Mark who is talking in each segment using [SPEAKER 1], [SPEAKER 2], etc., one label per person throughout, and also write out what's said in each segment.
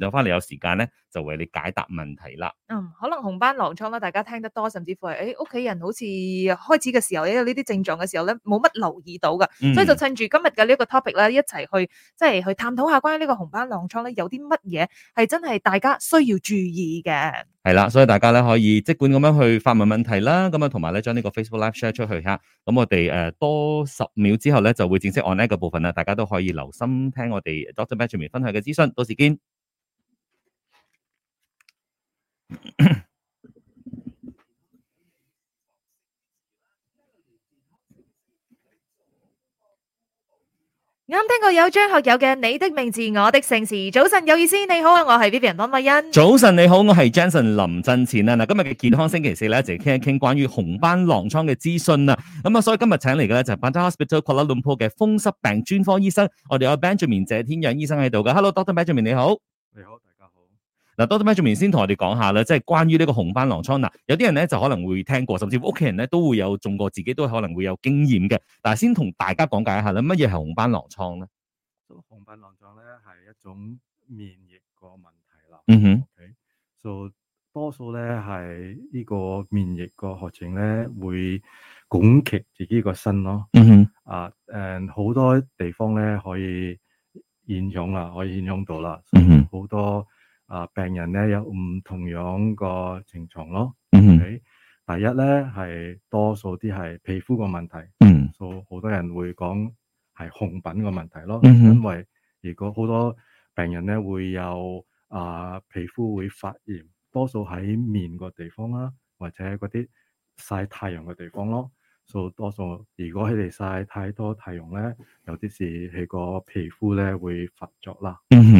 [SPEAKER 1] 就翻嚟有時間咧，就為你解答問題啦。嗯，
[SPEAKER 2] 可能紅斑狼瘡咧，大家聽得多，甚至乎係誒屋企人好似開始嘅時候咧，呢啲症狀嘅時候咧，冇乜留意到㗎。嗯、所以就趁住今日嘅呢一個 topic 咧，一齊去即係、就是、去探討下關於呢個紅斑狼瘡咧，有啲乜嘢係真係大家需要注意嘅。
[SPEAKER 1] 係啦，所以大家咧可以即管咁樣去發問問題啦，咁樣同埋咧將呢個 Facebook Live share 出去嚇。咁我哋誒多十秒之後咧就會正式 on air 嘅部分啦，大家都可以留心聽我哋 Doctor Benjamin 分享嘅資訊。到時見。
[SPEAKER 2] 啱 聽過有張學友嘅你的名字我的姓氏。早晨有意思，你好啊，我係 Vivian 溫慧欣。
[SPEAKER 1] 早晨你好，我係 Jason 林振前啊。嗱，今日嘅健康星期四咧，就嚟傾一傾關於紅斑狼瘡嘅資訊啦。咁啊，所以今日請嚟嘅咧就係、ah、Pantai Hospital Kuala Lumpur 嘅風濕病專科醫生，我哋有 Benjamin 謝天養醫生喺度嘅。Hello，Doctor Benjamin，你好。你好。嗱 Doctor Benjamin 先同我哋講下咧，即係關於呢個紅斑狼瘡嗱，呃，有啲人咧就可能會聽過，甚至屋企人咧都會有中過，自己都可能會有經驗嘅。但係先同大家講解一下咧，乜嘢係紅斑狼瘡咧？
[SPEAKER 3] 紅斑狼瘡咧係一種免疫個問題
[SPEAKER 1] 啦。嗯哼，就，okay?
[SPEAKER 3] so, 多數咧係呢個免疫個學程咧會攻擊自己個身咯。嗯哼，啊誒，好多地方咧可以現象啦，可以現象到啦。好多，嗯。啊，病人咧有唔同樣個情況咯。嗯、mm，hmm. 第一咧係多數啲係皮膚個問題。嗯、mm，數、hmm. 好多人會講係紅疹個問題咯。Mm hmm. 因為如果好多病人咧會有啊皮膚會發炎，多數喺面個地方啦、啊，或者嗰啲曬太陽嘅地方咯。數多數如果佢哋曬太多太陽咧，有啲時佢個皮膚咧會發作啦。嗯、mm hmm.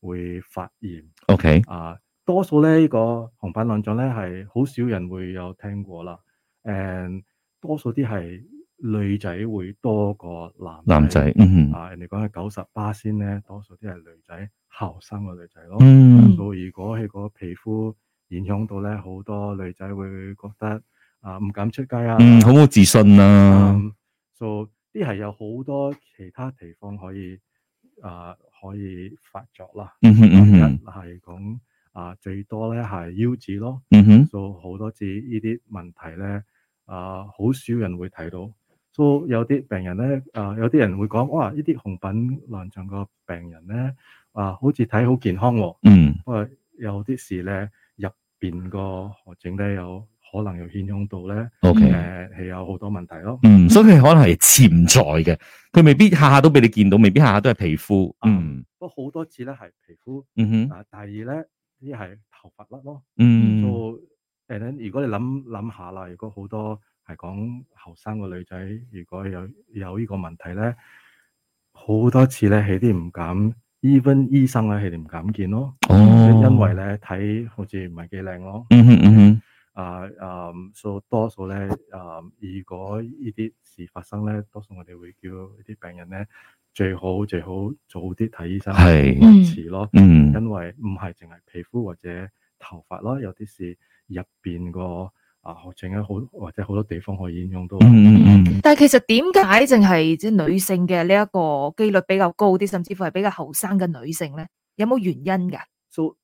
[SPEAKER 3] 會發炎，OK，啊，多數咧呢、這個紅斑狼瘡咧係好少人會有聽過啦，誒，多數啲係女仔會多過男男仔，嗯啊，人哋講係九十八先咧，多數啲係女仔，後生嘅女仔咯，嗯，所以如果係個皮膚影響到咧，好多女仔會覺得啊唔敢出街啊，嗯，好冇自
[SPEAKER 1] 信啊，
[SPEAKER 3] 就啲係有好多其他地方可以啊。可以發作啦，一係講啊最多咧係腰子咯，嗯哼、mm，做、hmm. 好多次呢啲問題咧，啊、呃、好少人會睇到，所以有啲病人咧，啊、呃、有啲人會講，哇呢啲紅斑狼瘡個病人咧，啊、呃、好似睇好健康，啊，嗯、mm，喂、hmm. 有啲事咧入邊個何整咧有。可能又牽涉到咧，誒，係有好多問題咯。嗯，所以佢
[SPEAKER 1] 可能係潛在嘅，佢未必下下都俾你見到，未必下下都係皮膚。嗯，
[SPEAKER 3] 不過好多次咧係皮膚。嗯哼。啊，第二咧，啲係頭髮甩咯。嗯。做誒，如果你諗諗下啦，如果好多係講後生嘅女仔，如果有有呢個問題咧，好多次咧係啲唔敢，even 醫生咧係唔敢見咯。哦。因為咧睇好似唔係幾靚咯。嗯哼嗯哼。啊，嗯、uh, um, so，所多數咧，嗯，如果呢啲事發生咧，多數我哋會叫啲病人咧，最好最好早啲睇醫生，唔好遲咯，嗯，因為唔係淨係皮膚或者頭髮咯，有啲事入邊個啊，好正啊，好、呃、或者好多地方可以應用到，嗯嗯嗯、
[SPEAKER 2] 但係其實點解淨係即係女性嘅呢一個幾率比較高啲，甚至乎係比較後生嘅女性咧，有冇原因㗎？
[SPEAKER 3] 所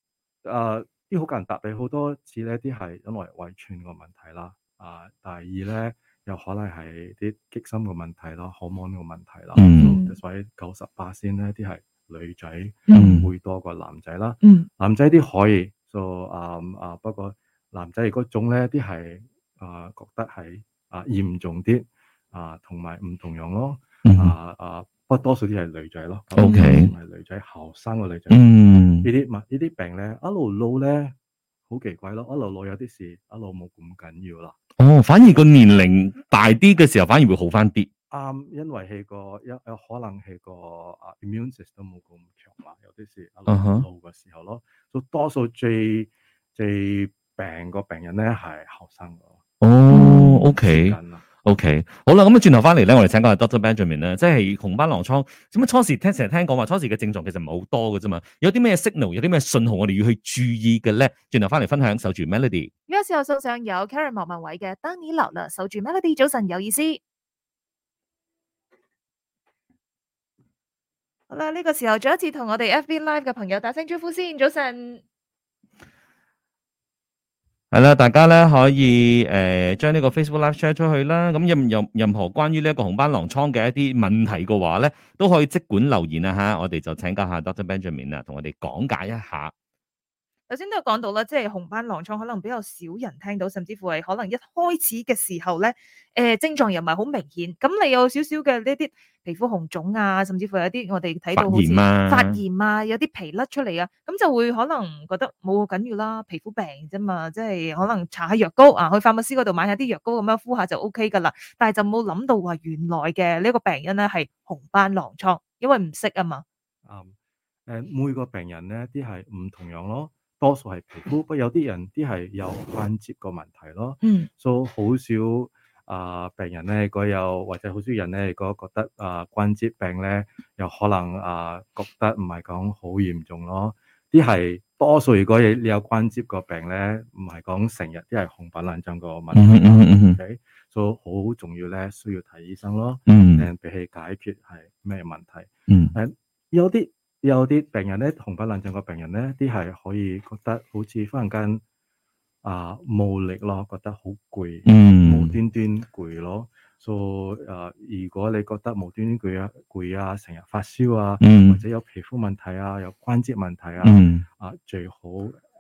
[SPEAKER 3] 誒。啲好多人答你好多次呢啲係因為遺傳個問題啦，啊，第二呢，又可能係啲激心個問題咯，口摩呢個問題啦，mm hmm. 所以九十八先呢啲係女仔會多過、mm hmm. 男仔啦，嗯，男仔啲可以，就啊啊，不過男仔嗰種呢啲係啊覺得係啊嚴重啲啊，同埋唔同樣咯，啊、mm hmm. 啊。啊多數啲係女仔咯，OK，係女仔後生嘅女仔，嗯，呢啲唔係呢啲病咧，一路老咧好奇怪咯，一路老有啲事，一路冇咁緊要啦。
[SPEAKER 1] 哦，反而個年齡大啲嘅時候，反而會好翻啲。
[SPEAKER 3] 啱，因為係個有有可能係個 immune system 都冇咁強啦，有啲事一路老嘅時候咯，都多數最最病個病人咧係後生
[SPEAKER 1] 嘅。哦，OK。O、okay. K，好啦，咁啊，轉頭翻嚟咧，我哋請個係 Doctor Benjamin 咧，即係紅斑狼瘡。咁啊，初時聽成日聽講話，初時嘅症狀其實唔係好多嘅啫嘛。有啲咩 signal，有啲咩信號，信號我哋要去注意嘅咧？轉頭翻嚟分享守住 Melody。
[SPEAKER 2] 呢個時候送上有 Karen 莫文蔚嘅 Daniel 啦，守住 Melody，早晨有意思。好啦，呢、這個時候再一次同我哋 F B Live 嘅朋友打聲招呼先，早晨。
[SPEAKER 1] 係啦，大家咧可以誒、呃、將呢個 Facebook Live share 出去啦。咁任任任何關於呢一個紅斑狼瘡嘅一啲問題嘅話咧，都可以即管留言啊！嚇，我哋就請教下 Dr Benjamin 啊，同我哋講解一下。
[SPEAKER 2] 首先都係講到啦，即係紅斑狼瘡可能比較少人聽到，甚至乎係可能一開始嘅時候咧，誒、呃、症狀又唔係好明顯。咁你有少少嘅呢啲皮膚紅腫啊，甚至乎有啲我哋睇到好似啊，發炎啊，有啲皮甩出嚟，啊，咁、嗯、就會可能覺得冇咁緊要啦，皮膚病啫嘛，即係可能搽下藥膏啊，去 pharmacist 度買下啲藥膏咁樣敷下就 OK 噶啦。但係就冇諗到話原來嘅呢個病因咧係紅斑狼瘡，因為唔識啊嘛。嗯，誒、
[SPEAKER 3] 呃、每個病人咧啲係唔同樣咯。多數係皮膚，不過有啲人啲係有關節個問題咯，嗯、所以好少啊病人咧個有，或者好少人咧個覺得啊關節病咧，又可能啊覺得唔係講好嚴重咯。啲係多數如果你有關節個病咧，唔係講成日啲係紅斑狼瘡個問題，所以好重要咧，需要睇醫生咯。嗯，嗯 okay? 嗯比起解決係咩問題，嗯，誒，有啲。有啲病人咧，紅斑狼瘡個病人咧，啲係可以覺得好似忽然間啊無力咯，覺得好攰，無端端攰咯。所以誒，如果你覺得無端端攰啊、攰啊，成日發燒啊，或者有皮膚問題啊、有關節問題啊，啊最好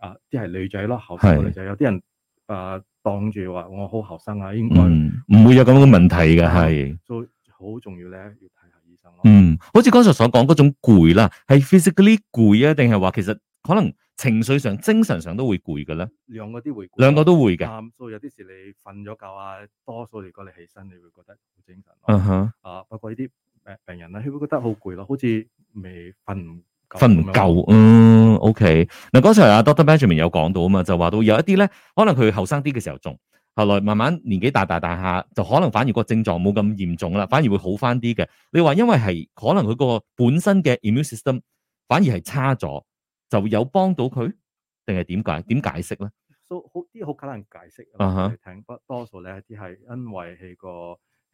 [SPEAKER 3] 啊，即係女仔咯，後生女仔，有啲人啊，當住話我好後生啊，應該唔會
[SPEAKER 1] 有咁樣問題嘅，係。
[SPEAKER 3] 所以好重要咧。
[SPEAKER 1] 嗯，好似剛才所講嗰種攰啦，係 physically 攰啊，定係話其實可能情緒上、精神上都會攰嘅咧。
[SPEAKER 3] 兩個都會，兩個都會嘅。咁、嗯、所以有啲時你瞓咗覺啊，多數嚟過嚟起身你會覺得好精
[SPEAKER 1] 神嗯哼，uh huh.
[SPEAKER 3] 啊，不過呢啲病病人咧，會覺得好攰咯，好似未瞓
[SPEAKER 1] 瞓唔夠啊。OK，嗱，剛才阿 Doctor Benjamin 有講到啊嘛，就話到有一啲咧，可能佢後生啲嘅時候仲。後來慢慢年紀大大大下，就可能反而個症狀冇咁嚴重啦，反而會好翻啲嘅。你話因為係可能佢個本身嘅 immune system 反而係差咗，就有幫到佢，定係點解？點 so, 解釋咧？
[SPEAKER 3] 都好啲好困難解釋。啊哈，聽不多數咧，啲係因為佢個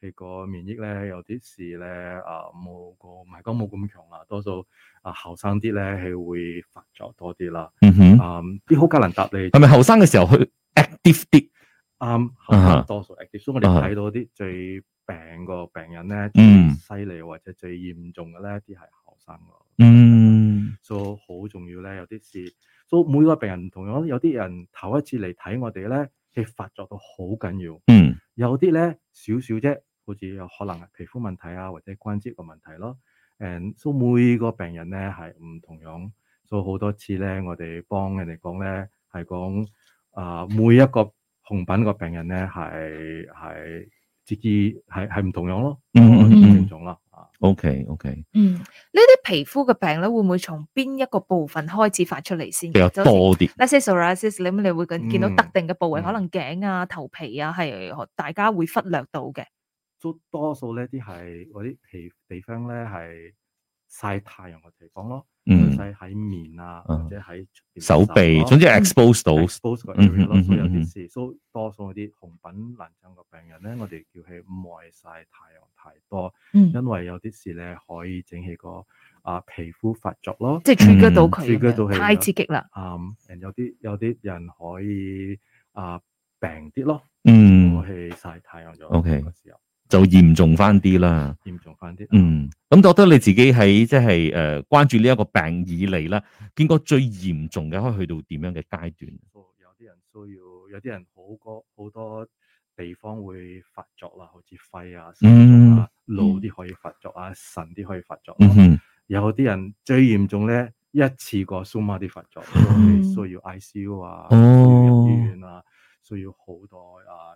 [SPEAKER 3] 佢個免疫咧有啲事咧，啊冇個唔係講冇咁強啊，多數啊後生啲咧係會發作多啲啦。Uh huh. 嗯哼，啲好困難答你。係咪後
[SPEAKER 1] 生嘅時候去 active 啲？
[SPEAKER 3] 啱，um, 多數 active、uh huh. 所以我哋睇到啲最病個病人咧，嗯、uh，犀利，uh huh，或者最嚴重嘅咧，啲係後生嗯，所以好重要咧，有啲事，所以每個病人唔同樣，有啲人頭一次嚟睇我哋咧，佢發作到好緊要，嗯，有啲咧少少啫，好似有可能係皮膚問題啊，或者關節個問題咯，誒，所以每個病人咧係唔同樣，所以好多次咧，我哋幫人哋講咧係講啊每一個。同品個病人咧，係係自己係係唔同樣咯，唔同種咯。啊，OK OK。
[SPEAKER 2] 嗯，呢啲皮膚嘅病咧，會唔會從邊一個部分開始發出嚟先？比較多啲。Psoriasis，你咁你會見到特定嘅部位，可能頸啊、頭皮啊，係大家會忽略到嘅。
[SPEAKER 3] 都多數咧啲係嗰啲皮地方咧係。曬太陽嘅地方咯，嗯，曬喺面啊，或者喺手臂，總之 expose 到 p o 嗯嗯嗯，有啲事，所以多數嗰啲紅斑狼瘡嘅病人咧，我哋叫佢唔好曬太陽太多，因為有啲事咧可以整起個啊皮膚發作咯，即係刺激到佢，刺激到佢太刺激啦，啊，有啲有啲人可以啊病啲咯，嗯，去曬太陽就 OK。
[SPEAKER 1] 就嚴重翻啲啦，嚴
[SPEAKER 3] 重翻啲，嗯，
[SPEAKER 1] 咁覺得你自己喺即係誒關注呢一個病以嚟啦，見過最嚴重嘅，可以去到點樣嘅階段？嗯、有
[SPEAKER 3] 啲人需要，有啲人好過好多地方會發作啦，好似肺啊、心啊、腦啲可以發作啊，腎啲可以發作，有啲人最嚴重咧，一次過蘇馬啲發作，嗯、需要 ICU 啊，需要醫院啊，需要好多啊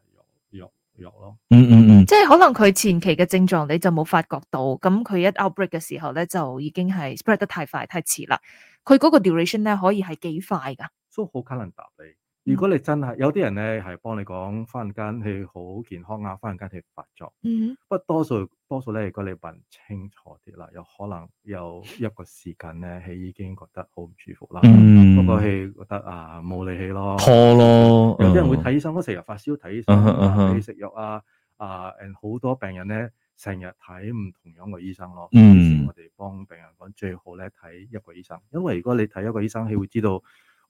[SPEAKER 3] 藥。肉 有咯，嗯嗯
[SPEAKER 2] 嗯 即係可能佢前期嘅症狀你就冇發覺到，咁佢一 outbreak 嘅時候咧就已經係 spread 得太快太遲啦。佢嗰個 duration 咧可以係幾快噶？都好可能答你。
[SPEAKER 3] 如果你真係有啲人咧係幫你講忽然間佢好健康啊，忽然間佢發作，不過、mm hmm. 多數多數咧，如果你問清楚啲啦，有可能有一個時間咧，佢已經覺得好唔舒服啦，嗰個氣覺得啊冇力氣咯，拖咯，有啲人會睇醫生，都成日發燒睇醫生，你食藥啊啊誒好多病人咧成日睇唔同樣個醫生咯，mm hmm. 我哋幫病人講最好咧睇一個醫生，因為如果你睇一個醫生，佢會知道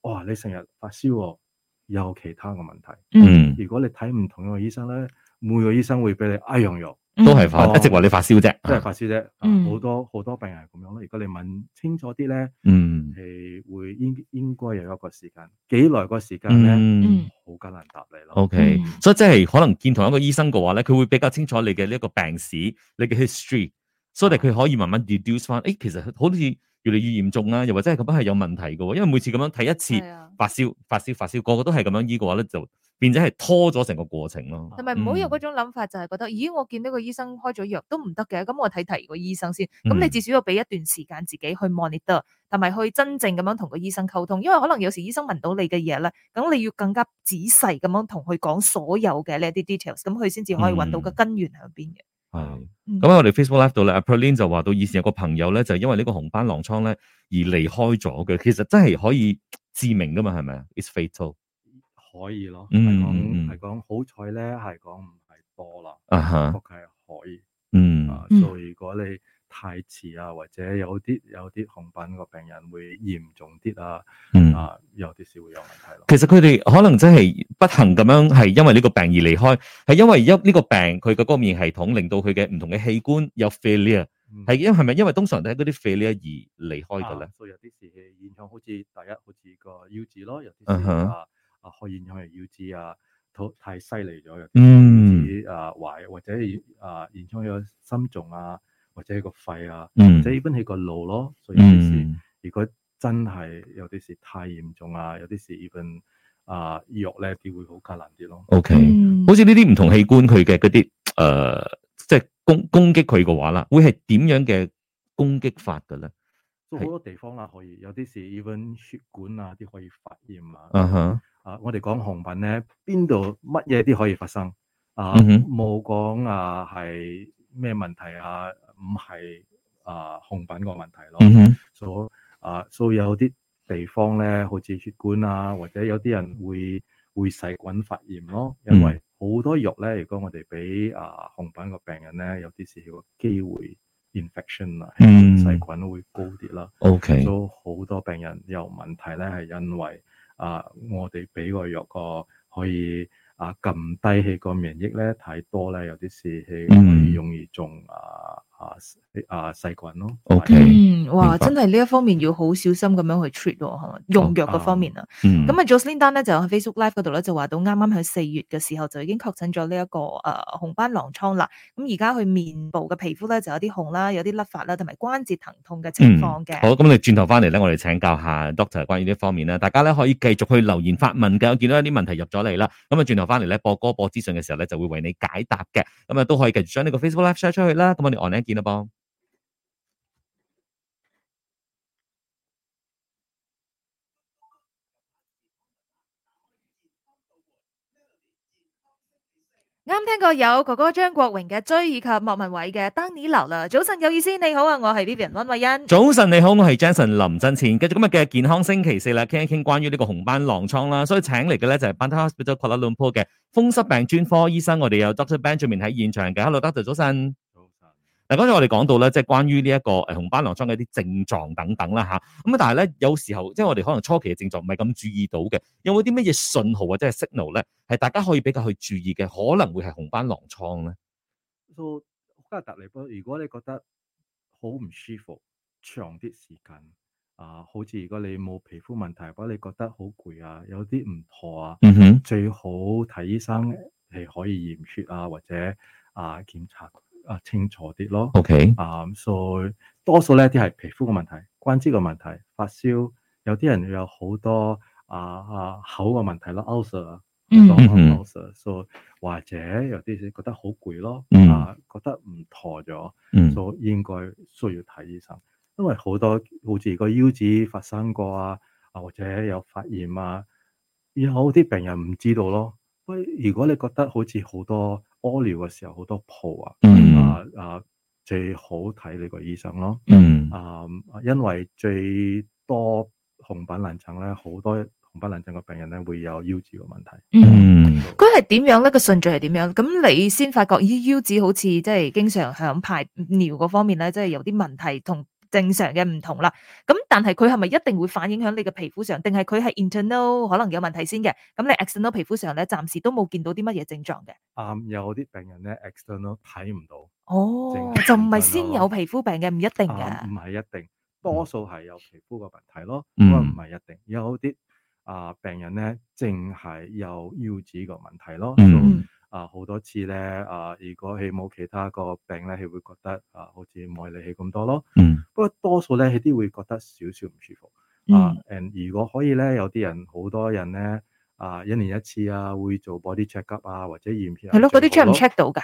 [SPEAKER 3] 哇你成日發燒喎，啊。有其他嘅問題。嗯，如果你睇唔同嘅醫生咧，每個醫生會俾你哎用藥，都係發一直話你發燒啫，都係發燒啫。好、嗯、多好多病人係咁樣咯。如果你問清楚啲咧、嗯嗯，嗯，係會應應該有一個時間，幾耐個時間咧，好、嗯、難答你咯。O、okay,
[SPEAKER 1] K，所以即係可能見同一個醫生嘅話咧，佢會比較清楚你嘅呢一個病史，你嘅 history，所以佢可以慢慢 deduce 翻。誒、哎，其實好似。越嚟越嚴重啦，又或者係咁樣係有問題嘅，因為每次咁樣睇一次的發燒、發燒、發燒，個個都係咁樣醫嘅話咧，就變咗係拖咗成個過程咯。同埋唔好有嗰
[SPEAKER 2] 種諗法，就係覺得、嗯、咦？我見到個醫生開咗藥都唔得嘅，咁我睇睇個醫生先。咁你至少要俾一段時間自己去 monitor，同埋、嗯、去真正咁樣同個醫生溝通，因為可能有時醫生問到你嘅嘢咧，咁你要更加仔細咁樣同佢講所有嘅呢啲 details，咁佢先至可以揾到個根源喺邊嘅。嗯啊，咁
[SPEAKER 1] 喺我哋 Facebook Live 度咧，阿 p r i l i n e 就話到以前有個朋友咧，就係、因為呢個紅斑狼瘡咧而離開咗嘅，其實真係可以致命噶嘛，係咪啊？It's fatal？
[SPEAKER 3] 可以咯，係講係講好彩咧，係講唔係多啦，啊吓哈，係可以，嗯，啊、嗯所以如果你。嗯太遲啊，或者有啲有啲紅斑個病人會嚴重啲、嗯、啊，啊有啲事會有問題咯。
[SPEAKER 1] 其實佢哋可能真係不幸咁樣，係因為呢個病而離開，係因為因呢個病佢嘅免疫系統令到佢嘅唔同嘅器官有 failure，係因係咪因為通常都係嗰啲 failure 而離開嘅咧、
[SPEAKER 3] 啊？所以有啲事現象好似第一好似個腰子咯，有啲啊啊，出現咗係腰子啊，太犀利咗有啲椎啊壞，嗯、或者啊現象有心臟啊。或者係個肺啊，或者 even 係個腦咯。所以啲事如果真係有啲事太嚴重啊，嗯、有啲事 even 啊、呃、醫藥咧都會好艱難啲咯。O Okay . K，、嗯、
[SPEAKER 1] 好似呢啲唔同器官佢嘅嗰啲誒，即係、呃就是、攻攻擊佢嘅話啦，會係點樣嘅攻擊法㗎咧？
[SPEAKER 3] 都好多地方啦、啊，可以有啲事 even 血管啊啲可以發炎啊。Uh huh. 啊，我哋講紅斑咧，邊度乜嘢啲可以發生？啊，冇講、uh huh. 啊係咩問題啊？唔係啊，紅斑個問題咯，所以啊，所、hmm. 以、so, uh, so、有啲地方咧，好似血管啊，或者有啲人會會細菌發炎咯，因為好多藥咧，如果我哋俾啊紅斑個病人咧，有啲事時機會 infection 啊、mm，hmm. 細菌會高啲啦。OK，都好、so, 多病人有問題咧，係因為啊，我哋俾個藥個可以啊撳低起個免疫咧太多咧，有啲事氣容易中、mm hmm. 啊。啊啊啊啊細菌咯，okay, 嗯，
[SPEAKER 2] 哇，明白，真係呢一方面要好小心咁樣去 treat，用藥嗰方面啊，咁啊，Josephine 咧就喺 Facebook Live 嗰度咧就話到，啱啱喺四月嘅時候就已經確診咗呢一個誒、呃、紅斑狼瘡啦，咁而家佢面部嘅皮膚咧就有啲紅啦，有啲甩髮啦，同埋關節疼痛嘅情況嘅、
[SPEAKER 1] 嗯，好，咁你轉頭翻嚟咧，我哋請教下 doctor 關於呢方面咧，大家咧可以繼續去留言發問嘅，我見到一啲問題入咗嚟啦，咁啊轉頭翻嚟咧播歌播資訊嘅時候咧就會為你解答嘅，咁啊都可以繼續將呢個 Facebook Live share 出去啦，咁我哋見到
[SPEAKER 2] 噃，啱聽過有哥哥張國榮嘅追，以及莫文蔚嘅 Danny 劉啦。早晨，有意思，你好啊，我係 Vivian 溫慧欣。
[SPEAKER 1] 早晨，你好，我係 Jason 林振前。繼續今日嘅健康星期四啦，傾一傾關於呢個紅斑狼瘡啦，所以請嚟嘅咧就係 Pantai Hospital Kuala Lumpur 嘅風濕病專科醫生，我哋有 Doctor Benjamin 喺現場嘅。Hello，Doctor，早晨。剛才我哋講到咧，即係關於呢一個誒紅斑狼瘡嘅一啲症狀等等啦嚇。咁啊，但係咧有時候，即係我哋可能初期嘅症狀唔係咁注意到嘅。有冇啲乜嘢信號或者係 signal 咧，係大家可以比較去注意嘅，可能會係紅斑狼瘡咧？
[SPEAKER 3] 多加特嚟講，如果你覺得好唔舒服，長啲時間啊，好似如果你冇皮膚問題，或者你覺得好攰啊，有啲唔妥啊，哼、mm，hmm. 最好睇醫生係可以驗血啊，或者啊檢查。啊，清楚啲咯。OK，啊，所以多數咧啲係皮膚嘅問題、關節嘅問題、發燒，有啲人有好多啊啊口嘅問題咯，ulcer，嗯嗯 ulcer 所或者有啲先覺得好攰咯，啊，覺得唔妥咗，所以、嗯 so, 應該需要睇醫生，因為多好多好似個腰子發生過啊，啊，或者有發炎啊，然後啲病人唔知道咯。喂，如果你覺得好似好多屙尿嘅時候好多泡啊，嗯啊啊，最好睇你個醫生咯。嗯，啊，因為最多紅斑狼瘡咧，好多紅斑狼瘡個病人咧會有腰子個問題。
[SPEAKER 2] 嗯，佢係點樣咧？個順序係點樣？咁你先發覺，咦，腰子好似即係經常響排尿嗰方面咧，即係有啲問題同。正常嘅唔同啦，咁但係佢係咪一定會反映響你嘅皮膚上？定係佢係 internal 可能有問題先嘅？咁你 external 皮膚上咧，暫時都冇見到啲乜嘢症狀嘅。
[SPEAKER 3] 啱、嗯，有啲病人咧 external 睇唔到
[SPEAKER 2] 哦，就唔係先有皮膚病嘅，唔一定嘅，
[SPEAKER 3] 唔係、嗯、一定，多數係有皮膚嘅問題咯，可能唔係一定有啲啊、呃、病人咧，淨係有腰子個問題咯。嗯嗯啊，好多次咧，啊，如果係冇其他個病咧，係會覺得啊，好似唔冇理氣咁多咯。嗯。不過多數咧，係啲會覺得少少唔舒服。嗯。誒，如果可以咧，有啲人，好多人咧，啊，一年一次啊，會做 body check up 啊，或者驗血。係咯，嗰啲 check 唔 check 到㗎？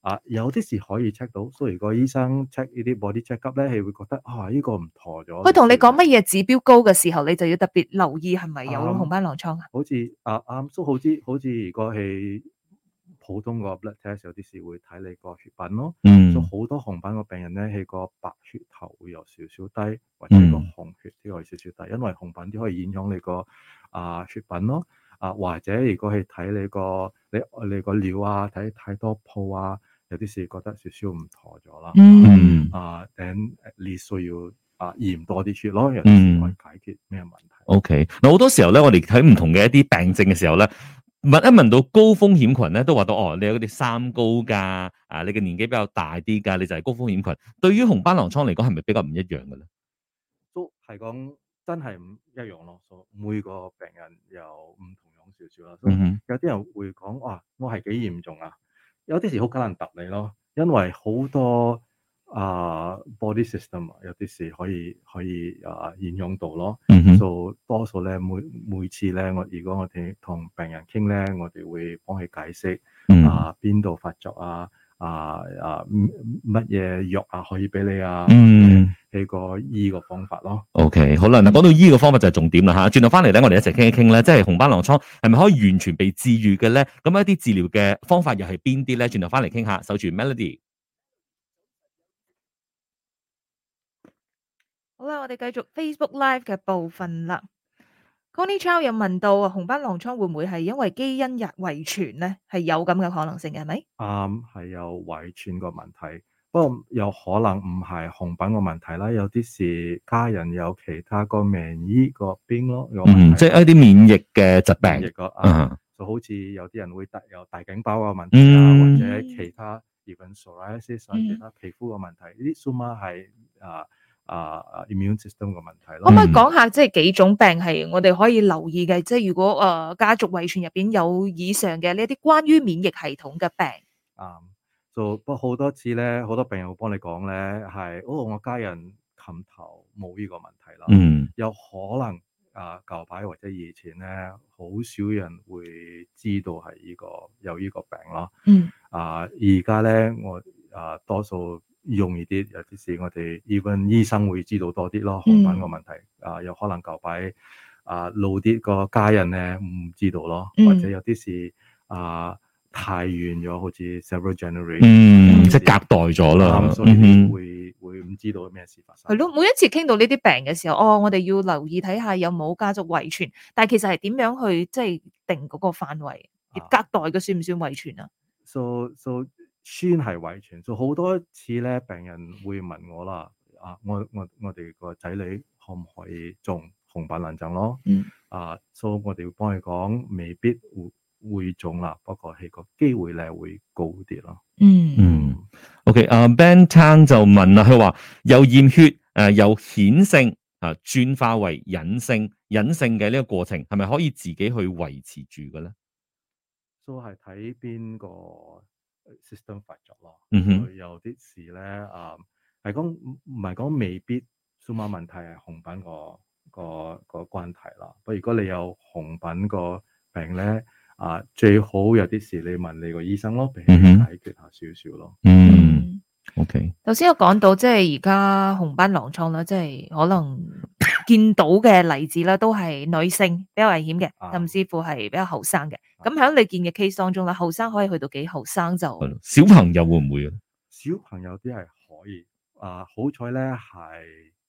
[SPEAKER 3] 啊，有啲時可以 check 到，所以個醫生 check 呢啲 body check up 咧，係會覺得啊，呢個唔妥咗。佢同你
[SPEAKER 2] 講乜嘢指標高嘅時候，你就要特別留意係咪有紅斑狼瘡啊？
[SPEAKER 3] 好似啊，阿蘇浩之，好似如果係。普通個粒，睇嘅時候有啲事會睇你個血品咯。嗯，咁好多紅斑個病人咧，係個白血頭會有少少低，或者個紅血啲會有少少低，嗯、因為紅斑都可以影響你個啊血品咯。啊，或者如果係睇你個你你個尿啊，睇太多泡啊，有啲事覺得少少唔妥咗啦。嗯啊，等你需要啊，驗多啲血咯，有時可以解決咩問題。
[SPEAKER 1] OK，嗱好多時候咧，我哋睇唔同嘅一啲病症嘅時候咧。問一問到高風險群咧，都話到哦，你有啲三高噶，啊，你嘅年紀比較大啲噶，你就係高風險群。對於紅斑狼瘡嚟講，係咪比較唔一樣嘅咧？
[SPEAKER 3] 都係講真係唔一樣咯，每個病人又唔同樣少少啦。有啲人會講哇，我係幾嚴重啊，有啲時好艱難揼你咯，因為好多。啊、uh，body system 有啲事可以可以啊，應用到咯。嗯，所以多數咧每每次咧，我如果我哋同病人傾咧，我哋會幫佢解釋、mm hmm. 啊，邊度發作啊啊啊乜嘢藥啊可以俾你啊？嗯，呢個醫個方法咯。
[SPEAKER 1] OK，好啦，嗱講到醫個方法就係重點啦嚇。轉頭翻嚟咧，我哋一齊傾一傾咧，即係紅斑狼瘡係咪可以完全被治愈嘅咧？咁一啲治療嘅方法又係邊啲咧？轉頭翻嚟傾下，守住 Melody。
[SPEAKER 2] 好啦，我哋繼續 Facebook Live 嘅部分啦。Connie Chow 又問到啊，紅斑狼瘡會唔會係因為基因日遺傳咧？係有咁嘅可能性嘅係
[SPEAKER 3] 咪？啱，係有遺傳個問題，不過有可能唔係紅斑個問題啦，有啲是家人有其他個免疫個邊咯，有即
[SPEAKER 1] 係一啲免疫嘅疾病嘅啊，
[SPEAKER 3] 就好似有啲人會得有大頸包個問題啊，或者其他皮膚病啊，或者其他皮膚嘅問題，呢啲數碼係啊。啊 immune system 個問題咯，可唔可以講
[SPEAKER 2] 下即係幾種病係我哋可以留意嘅？即係如果誒家族遺傳入邊有以上嘅呢一啲關於免疫系統嘅病，啊，
[SPEAKER 3] 就不過好多次咧，好多病人會幫你講咧，係哦我家人冚頭冇呢個問題啦，嗯，有可能啊舊排或者以前咧好少人會知道係呢個有呢個病咯，嗯，啊而家咧我啊、呃、多數。容易啲，有啲事我哋 even 醫生會知道多啲咯，紅斑個問題、嗯、啊，有可能舊輩啊老啲個家人咧唔知道咯，或者有啲事啊太遠咗，好似 several generations 即係隔代咗啦、啊，所以會、嗯、會唔知道咩事發
[SPEAKER 2] 生。係咯，每一次傾到呢啲病嘅時候，哦，我哋要留意睇下有冇家族遺傳，但係其實係點樣去即係定嗰個範圍？隔代嘅算唔算遺傳啊？So so,
[SPEAKER 3] so。So, 先係遺傳，所以好多次咧，病人會問我啦，啊，我我我哋個仔女可唔可以中紅斑狼瘡咯？嗯，啊，所以我哋會幫佢講，未必會會中啦，不過係個機會咧會高啲咯。嗯
[SPEAKER 1] 嗯，OK，啊、uh, Ben Tang 就問啦，佢話有驗血，誒、呃、有顯性啊轉化為隱性，隱性嘅呢個過程係咪可以自己去維持住嘅咧？
[SPEAKER 3] 都係睇邊個。系統發作咯，嗯哼，有啲事咧啊，係講唔係講未必數碼問題係紅斑個個個關係咯，不過如果你有紅斑個病咧啊、呃，最好有啲事你問你個醫生咯，嗯，解決一下少少咯，嗯，OK，
[SPEAKER 2] 頭先我講到即係而家紅斑狼瘡啦，即係可能。見到嘅例子咧，都係女性比較危險嘅，甚至乎係比較後生嘅。咁喺你見嘅 case 當中啦，後生可以去到幾後生，就
[SPEAKER 1] 小朋友會唔會啊？
[SPEAKER 3] 小朋友啲係可以啊，好彩咧係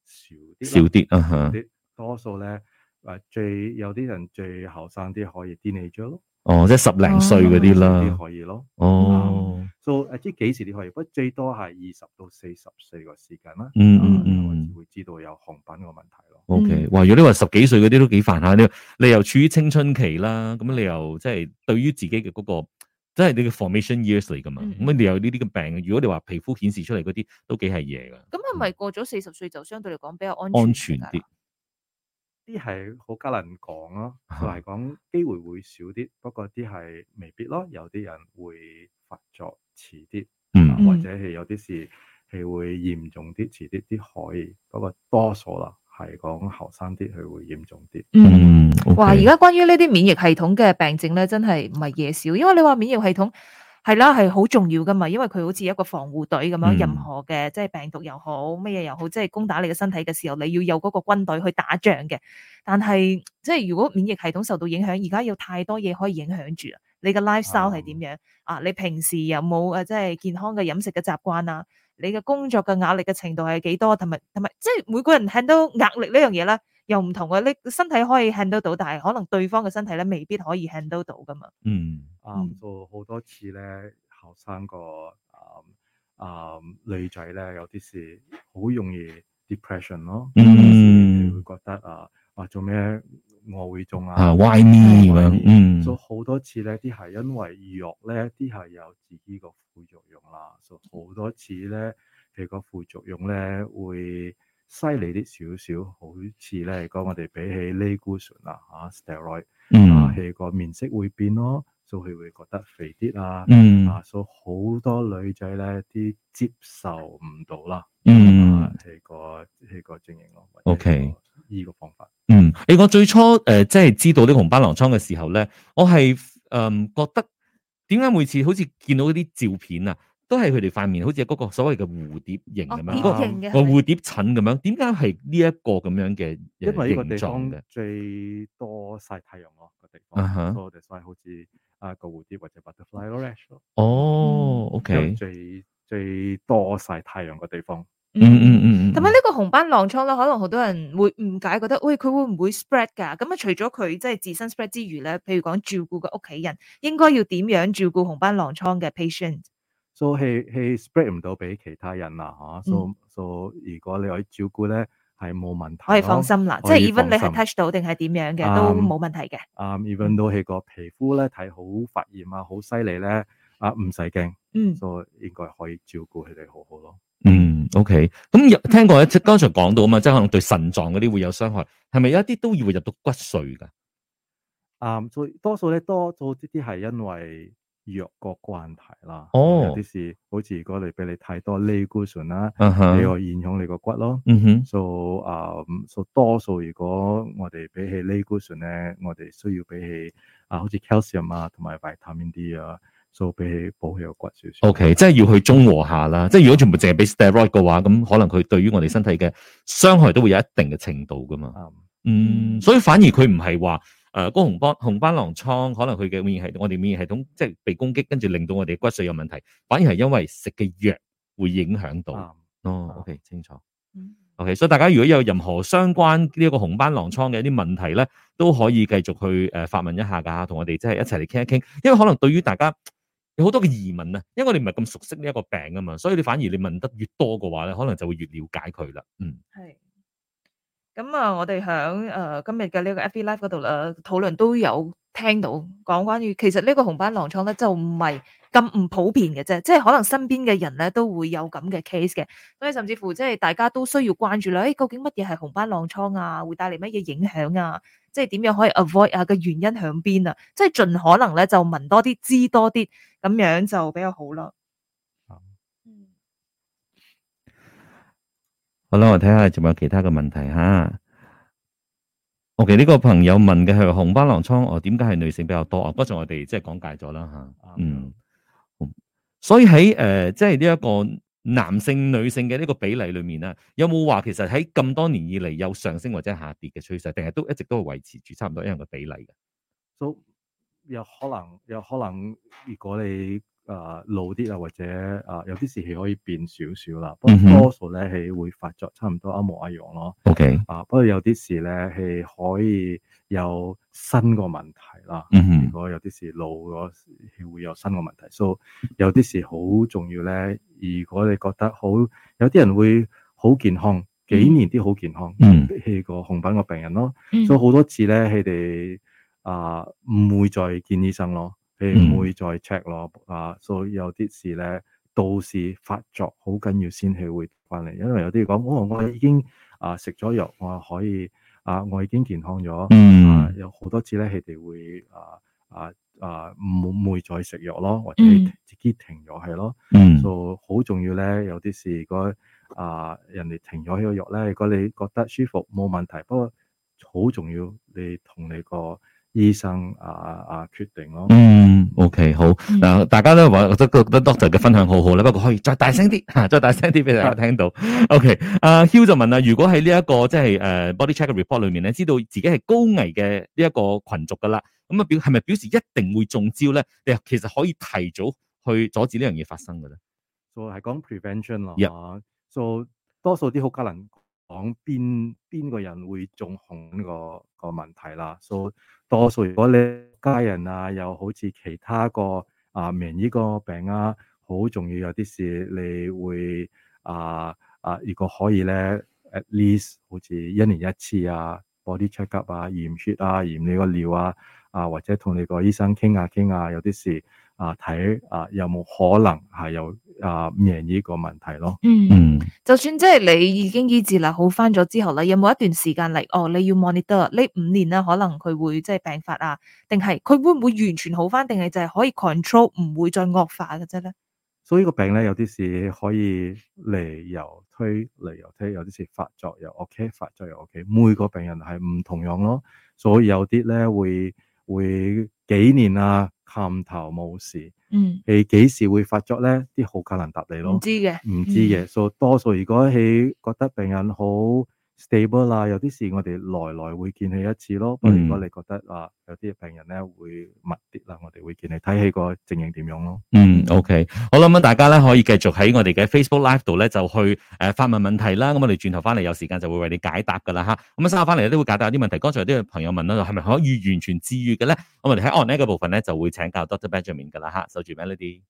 [SPEAKER 3] 少啲少啲
[SPEAKER 1] 啊，嚇啲
[SPEAKER 2] 多數咧，
[SPEAKER 3] 誒最有啲人最後生啲可以 teenager，咯哦，即
[SPEAKER 1] 係十零歲嗰啲啦，可以咯哦，
[SPEAKER 3] 做，誒知幾時啲可以，不過最多係二十到四十歲嘅時間啦。嗯嗯嗯，我會知道有紅斑個問題。O K，
[SPEAKER 1] 哇！Okay. 如果你話十幾歲嗰啲都幾煩下，你你又處於青春期啦，咁
[SPEAKER 3] 你又即係
[SPEAKER 1] 對於自己嘅嗰、那個，即、就、係、是、你嘅 formation years 嚟噶嘛，咁、嗯、你有呢啲嘅病，如果你話皮膚顯示出嚟嗰啲都幾係嘢噶。
[SPEAKER 2] 咁係咪過咗四十歲就相對嚟講比較安全啲？
[SPEAKER 3] 啲係好艱難講咯，同埋講機會會少啲，嗯、不過啲係未必咯，有啲人會發作遲啲，嗯、或者係有啲事係會嚴重啲，遲啲啲可以，不過多數啦。係講後生啲，佢會嚴重啲。嗯
[SPEAKER 2] ，okay、哇！而家關於呢啲免疫系統嘅病症咧，真係唔係嘢少。因為你話免疫系統係啦，係好、啊、重要噶嘛。因為佢好似一個防護隊咁樣，任何嘅即係病毒又好，乜嘢又好，即係攻打你嘅身體嘅時候，你要有嗰個軍隊去打仗嘅。但係即係如果免疫系統受到影響，而家有太多嘢可以影響住啦。你嘅 lifestyle 係點樣、嗯、啊？你平時有冇誒，即係健康嘅飲食嘅習慣啊？你嘅工作嘅壓力嘅程度係幾多？同埋同埋，即係每個人 handle 壓力呢樣嘢咧，又唔同嘅。你身體可以 handle 到，但係可能對方嘅身體咧，未必可以 handle 到噶嘛。嗯，
[SPEAKER 3] 啊、嗯，我好多次咧，後生個啊啊女仔咧，有啲事好容易 depression 咯。嗯，你會覺得啊，話、啊、做咩？我會中啊。啊，why me？咁樣嗯。做好多次咧，啲係因為藥咧，啲係有自己個。嗱，所好多次咧，佢個副作用咧會犀利啲少少，好似咧講我哋比起類固醇啦吓，steroid，嗯，佢、啊、個面色會變咯，所以會覺得肥啲、嗯、啊，嗯，啊，所以好多女仔咧啲接受唔到啦，嗯，係個係個經營咯，O K，呢個方法，
[SPEAKER 1] 嗯，誒、嗯，我最初誒、呃、即係知道啲紅斑狼瘡嘅時候咧，我係誒、呃、覺得點解每次好似見到啲照片啊？都係佢哋塊面，好似嗰個所謂嘅蝴蝶形咁樣，哦、形個蝴蝶疹咁樣。點解係呢一個咁樣嘅？因為呢個地方
[SPEAKER 3] 最多晒太陽咯，個地方，所以、uh huh. 好似啊個蝴蝶或者 butterfly rash 咯。哦、oh，OK，最最多晒太陽個地方。嗯嗯嗯嗯。
[SPEAKER 2] 咁、嗯、啊，呢、嗯嗯嗯、個紅斑狼瘡咧，可能好多人會誤解，覺得喂佢會唔會 spread 噶？咁啊，除咗佢即係自身 spread 之餘咧，譬如講照顧個屋企人，應該要點樣照顧紅斑狼瘡嘅 patient？
[SPEAKER 3] 都所以佢 spread 唔到俾其他人啦嚇，所所以如果你可以照顧咧，係冇問題，可以放心啦。即係 even 你
[SPEAKER 2] touch 到定係點樣嘅都冇問題嘅。
[SPEAKER 3] 啊，even 到佢個皮膚咧睇好發炎啊，好犀利咧，啊唔使驚，嗯，所以應該可以照顧佢哋好好咯。嗯
[SPEAKER 1] ，OK。咁聽過咧，剛才講到啊嘛，即係可能對腎臟嗰啲會有傷害，係咪有一啲都會入到骨
[SPEAKER 3] 髓噶？嗯，最多數咧多咗啲啲係因為。弱個關係啦，哦、huh. uh，啲事好似如果你俾你太多類固醇啦，嗯哼，俾我軟化你個骨咯，嗯哼，所以啊，多數如果我哋比起類固醇咧，我哋需要比起啊，好似 calcium 啊，同埋 vitamin D 啊，所比起補起個骨少少
[SPEAKER 1] ，OK，即係要去中和下啦，即係如果全部淨係俾 steroid 嘅話，咁可能佢對於我哋身體嘅傷害都會有一定嘅程度噶嘛，嗯，所以反而佢唔係話。誒，個、呃那個、紅斑紅斑狼瘡可能佢嘅免疫系，系統，我哋免疫系統即係被攻擊，跟住令到我哋骨髓有問題，反而係因為食嘅藥會影響到。嗯、哦，OK，清楚。嗯、OK，所以大家如果有任何相關呢一個紅斑狼瘡嘅一啲問題咧，都可以繼續去誒、呃、發問一下噶，同我哋即係一齊嚟傾一傾。因為可能對於大家有好多嘅疑問啊，因為我哋唔係咁熟悉呢一個病啊嘛，所以你反而你問得越多嘅話咧，可能就會越了解佢啦。嗯，係。
[SPEAKER 2] 咁啊、嗯，我哋響誒今日嘅呢個 f v Life 嗰度啦，討論都有聽到講關於其實呢個紅斑狼瘡咧就唔係咁唔普遍嘅啫，即係可能身邊嘅人咧都會有咁嘅 case 嘅，所以甚至乎即係大家都需要關注啦。誒、哎，究竟乜嘢係紅斑狼瘡啊？會帶嚟乜嘢影響啊？即係點樣可以 avoid 啊？個原因喺邊啊？即係盡可能咧就聞多啲，知多啲，咁樣就比較好咯。
[SPEAKER 1] 好啦，我睇下仲有其他嘅問題吓。我嘅呢個朋友問嘅係紅斑狼瘡，我點解係女性比較多啊？不過我哋即係講解咗啦吓。嗯，所以喺誒即係呢一個男性女性嘅呢個比例裏面啊，有冇話其實喺咁多年以嚟，有上升或者下跌嘅趨勢，定係都一直都係維持
[SPEAKER 3] 住差唔多一樣嘅比例嘅？都有可能，有可能，如果你。啊、呃、老啲啊，或者啊、呃、有啲時可以變少少啦，不過多數咧係會發作，差唔多一模一樣咯。O Okay . K 啊，不過有啲時咧係可以有新個問題啦。Mm hmm. 如果有啲時老咗，會有新個問題，所以有啲時好重要咧。如果你覺得好，有啲人會好健康，幾年啲好健康，mm hmm. 比起個紅斑個病人咯，所以好多次咧，佢哋啊唔會再見醫生咯、mm。Hmm. 佢唔會再 check 咯，嗯、啊，所以有啲事咧，到時發作好緊要先去會翻嚟，因為有啲講，我、哦、我已經啊食咗藥，我可以啊，我已經健康咗、嗯啊，啊，有好多次咧，佢哋會啊啊啊唔會唔會再食藥咯，或者自己停咗係咯，就好、嗯、重要咧。有啲事，如果啊人哋停咗呢個藥咧，如果你覺得舒服冇問題，不過好重要，你同你個，醫生啊啊決定咯，嗯
[SPEAKER 1] ，OK 好嗱，大家咧話都覺得 doctor 嘅分享好好啦，不過可以再大聲啲、啊，再大聲啲俾大家聽到。OK，阿、啊、Hill 就問啦，如果喺呢一個即係誒 body check 嘅、er、report 裏面咧，知道自己係高危嘅呢一個群族噶啦，咁啊表係咪表示一定會中招咧？你其實可以提早去阻止呢樣嘢發生噶咧。
[SPEAKER 3] 就係講 prevention 咯，就 Yeah. 多數啲好家能講邊邊個人會中控個個問題啦，所以。多數如果你家人啊，又好似其他個啊，免疫個病啊，好重要有啲事，你會啊啊，如果可以咧，at least 好似一年一次啊，body check 啊，驗血啊，驗你個尿啊，啊或者同你個醫生傾下傾下，有啲事。啊，睇啊，有冇可能係有啊，唔呢個問題咯？嗯，
[SPEAKER 2] 就算即係你已經醫治啦，好翻咗之後啦，有冇一段時間嚟哦，你要 monitor 呢五年啦，可能佢會即係病發啊？定係佢會唔會完全好翻？定係就係可以 control 唔會再惡化嘅啫咧？
[SPEAKER 3] 所以個病咧，有啲事可以嚟由推嚟由推，有啲事發作又 OK，發作又 OK，每個病人係唔同樣咯，所以有啲咧會。會幾年啊，探頭冇事，嗯，你幾時會發作咧？啲好難答你咯，唔知
[SPEAKER 2] 嘅，唔、嗯、知嘅，
[SPEAKER 3] 所、so，多數如果係覺得病人好。啦，stable，有啲事我哋來來會見你一次咯。嗯，不過如果你覺得啊，有啲病人咧會密啲啦，我哋會見你睇起個症型點樣用咯。嗯
[SPEAKER 1] ，OK，好啦咁，大家咧可以繼續喺我哋嘅 Facebook Live 度咧就去誒、呃、發問問題啦。咁我哋轉頭翻嚟有時間就會為你解答噶啦吓。咁啊，稍後翻嚟都會解答啲問題。剛才有啲朋友問啦，係咪可以完全治愈嘅咧？我哋喺 online 嘅部分咧就會請教 Doctor Benjamin 噶啦吓，守住 melody。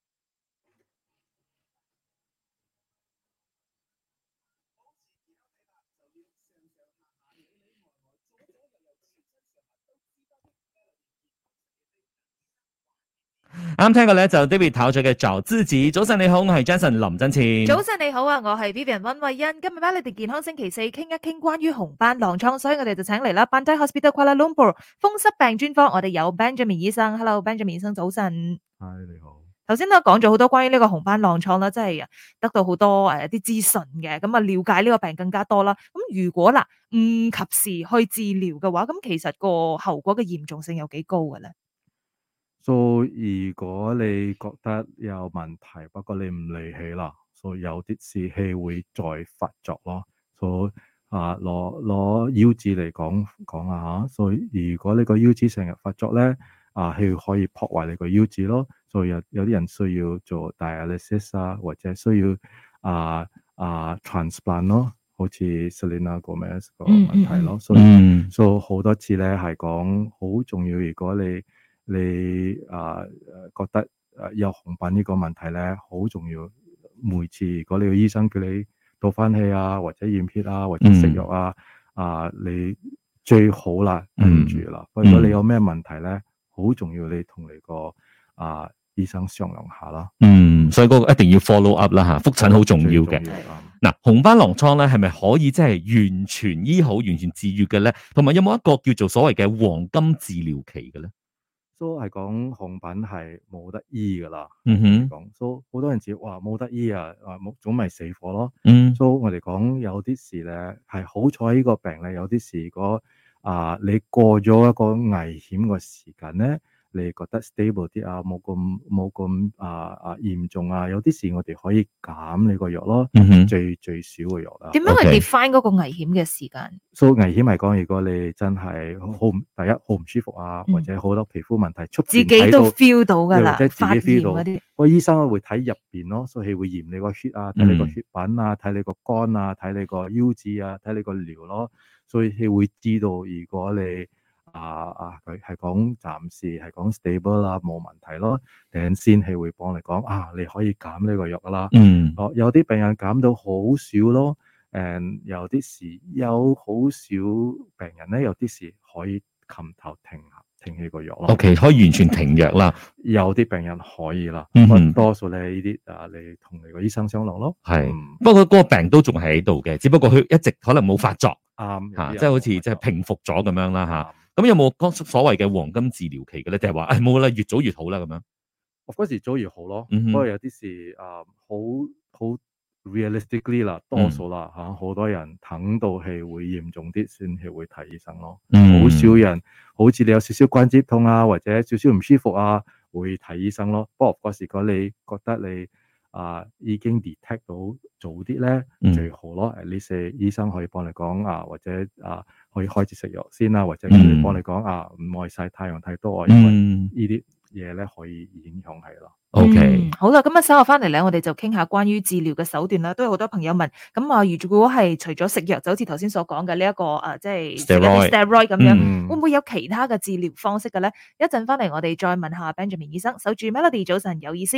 [SPEAKER 1] 啱聽過咧就 David 唞咗嘅找自己。早晨你好，我係 Jason 林振前。早
[SPEAKER 2] 晨你好啊，我係 Vivian 温慧欣。今日咧你哋健康星期四，傾一傾關於紅斑狼瘡，所以我哋就請嚟啦，Bandai Hospital Kuala Lumpur 風濕病專科，我哋有 Benjamin 醫生。Hello，Benjamin 醫生，早晨。嗨，你好。頭先咧講咗好多關於呢個紅斑狼瘡啦，即係得到好多誒啲、呃、資訊嘅，咁、嗯、啊了解呢個病更加多啦。咁、嗯、如果嗱唔及時去治療嘅話，咁其實個後果嘅嚴重性有幾高嘅咧？
[SPEAKER 3] 所以、so, 如果你覺得有問題，不過你唔理佢啦，所以有啲士氣會再發作咯。所、so, 啊，攞攞腰子嚟講講下，吓。所以如果你個腰子成日發作咧，啊係可以破壞你個腰子咯。所、so, 以有有啲人需要做 dialysis 啊，或者需要啊啊 transplant 咯，好似 Selena 嗰名嗰個問題咯。所以所以好多次咧係講好重要，如果你。你啊、呃，覺得啊有紅斑呢個問題咧，好重要。每次如果你個醫生叫你倒翻氣啊，或者驗血啊，或者食藥啊，嗯、啊你最好啦，跟住啦。嗯、如果你有咩問題咧，好重要你你，你同你個啊醫生商量下啦。嗯，
[SPEAKER 1] 所以嗰個一定要 follow up 啦、啊、吓，復診好重要嘅。嗱、嗯，紅斑狼瘡咧，係咪可以即係完全醫好、完全治愈嘅咧？同埋有冇一個叫做所謂嘅黃金治療期嘅咧？
[SPEAKER 3] 都係講紅斑係冇得醫噶啦，講，所以好多人接，哇冇得醫啊，啊，總咪死火咯。嗯、mm，hmm. 所以我哋講有啲事咧，係好彩呢個病咧，有啲事個啊，你過咗一個危險嘅時間咧。你覺得 stable 啲啊，冇咁冇咁啊啊嚴重啊！有啲事我哋可以減你個藥咯，mm hmm. 最最少嘅藥啦。點解要
[SPEAKER 2] 翻嗰個危險嘅時間？
[SPEAKER 3] 所以危險嚟講，如果你真係好第一好唔舒服啊，mm hmm. 或者好多皮膚問題出，自己都 feel 到噶啦，即係自己 feel 到嗰啲。個醫生會睇入邊咯，所以佢會驗你個血啊，睇你個血品啊，睇、mm hmm. 你個肝啊，睇你個腰子啊，睇你個尿、啊、咯，所以佢會知道如果你。啊啊，佢係講暫時係講 stable 啦，冇問題咯。等先係會幫你講，啊，你可以減呢個藥噶啦。嗯，我有啲病人減到好少咯。誒，有啲時，有好少病人咧，有啲時可以擒頭停下停起個藥咯。O K，可以完全停藥啦。有啲病人可以啦。嗯，多數咧呢啲誒，你同你個醫生商量咯。
[SPEAKER 1] 係，不過嗰個病都仲喺度嘅，只不過佢一直可能冇發作。
[SPEAKER 3] 啱，吓，即係好
[SPEAKER 1] 似即係平復咗咁樣啦，吓。咁有冇嗰所謂嘅黃金治療期嘅咧？就係、是、話，冇、哎、啦，越早越好啦咁樣。
[SPEAKER 3] 我嗰時早越好咯，不過、嗯、哼有啲事、呃、啊，好好 realistically 啦，多數啦嚇，好多人等到係會嚴重啲先係會睇醫生咯。嗯、哼好少人，好似你有少少關節痛啊，或者少少唔舒服啊，會睇醫生咯。不過嗰時你覺得你。啊，已經 detect 到早啲咧，最好咯。誒、嗯，呢些醫生可以幫你講啊，或者啊，可以開始食藥先啦，或者佢哋幫你講、嗯、啊，唔愛曬太陽太多，因為呢啲嘢咧可以影響係咯。嗯、OK，
[SPEAKER 2] 好啦，咁啊，稍後翻嚟咧，我哋就傾下關於治療嘅手段啦。都有好多朋友問，咁、嗯、啊，如果係除咗食藥，就好似頭先所講嘅呢一個啊，即係 steroid 咁樣，嗯、會唔會有其他嘅治療方式嘅咧？一陣翻嚟，我哋再問下 Benjamin 醫生。守住 Melody 早晨，有意思。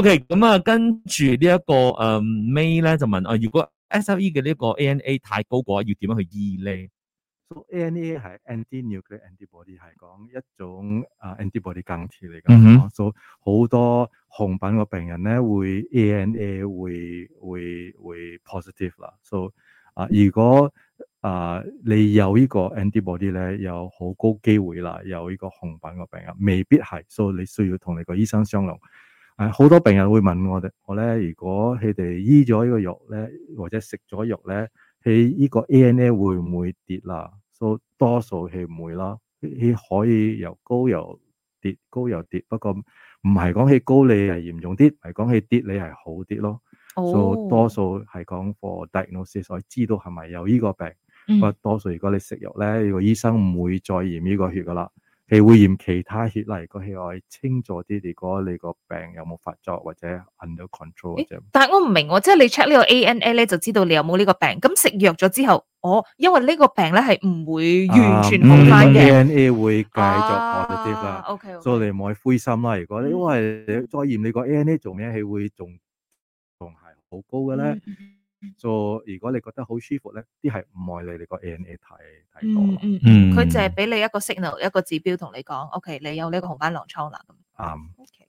[SPEAKER 1] OK，咁、嗯、啊，跟住、這個呃、呢一個誒 May 咧就問啊、呃，如果 SLE 嘅呢一個 ANA 太高嘅話，要點樣去醫咧、
[SPEAKER 3] so,？ANA 係 anti-nuclear antibody 係講一種誒 antibody 抗體嚟嘅，所以好多紅斑嘅病人咧會 ANA 會會會 positive 啦。所以啊，如果啊、呃、你有個呢個 antibody 咧，有好高機會啦，有呢個紅斑嘅病人未必係，所、so, 以你需要同你個醫生商量。誒好多病人會問我哋，我咧如果佢哋醫咗呢個藥咧，或者食咗藥咧，佢、這、呢個 A N A 會唔會跌啦？所、so, 多數佢唔會啦，你可以由高又跌，高又跌。不過唔係講起高你係嚴重啲，係講起跌你係好啲咯。所、
[SPEAKER 2] so, oh. 多
[SPEAKER 3] 數係講個 diagnosis 所知道係咪有呢個病。不過、mm. 多數如果你食藥咧，個醫生唔會再驗呢個血噶啦。佢會驗其他血嚟個血來清楚啲，如果你個病有冇發作或者 under control。
[SPEAKER 2] 但係我唔明喎，即係你 check 呢個 A N A 咧，就知道你有冇呢個病。咁食藥咗之後，我因為呢個病咧係唔會完全好翻嘅。A N
[SPEAKER 3] A 會繼續 active 啦。O K，所以你唔可以灰心啦。如果你因為你再驗你個 A N A 做咩係會仲仲係好高嘅咧？所、so，如果你覺得好舒服咧，啲係唔愛你哋個 A N A 太
[SPEAKER 2] 太多，嗯嗯，佢淨係俾你一個 signal 一個指標同你講，O K 你有呢個紅斑狼瘡啦。啱、嗯。OK，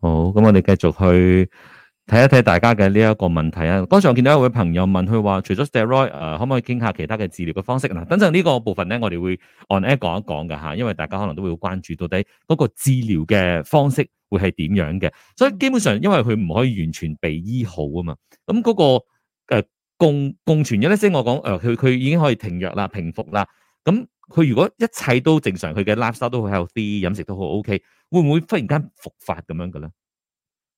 [SPEAKER 1] 好，咁我哋繼續去。睇一睇大家嘅呢一個問題啊！剛才我見到一位朋友問佢話，除咗 steroid，誒、呃、可唔可以傾下其他嘅治療嘅方式？嗱，等陣呢個部分咧，我哋會 on air 講一講嘅嚇，因為大家可能都會關注到底嗰個治療嘅方式會係點樣嘅。所以基本上，因為佢唔可以完全被醫好啊嘛，咁嗰、那個、呃、共共存一粒先，我講誒，佢、呃、佢已經可以停藥啦，平復啦。咁佢如果一切都正常，佢嘅 lifestyle 都好 healthy，啲 l 飲食都好
[SPEAKER 3] OK，會唔會忽然間復發咁樣嘅咧？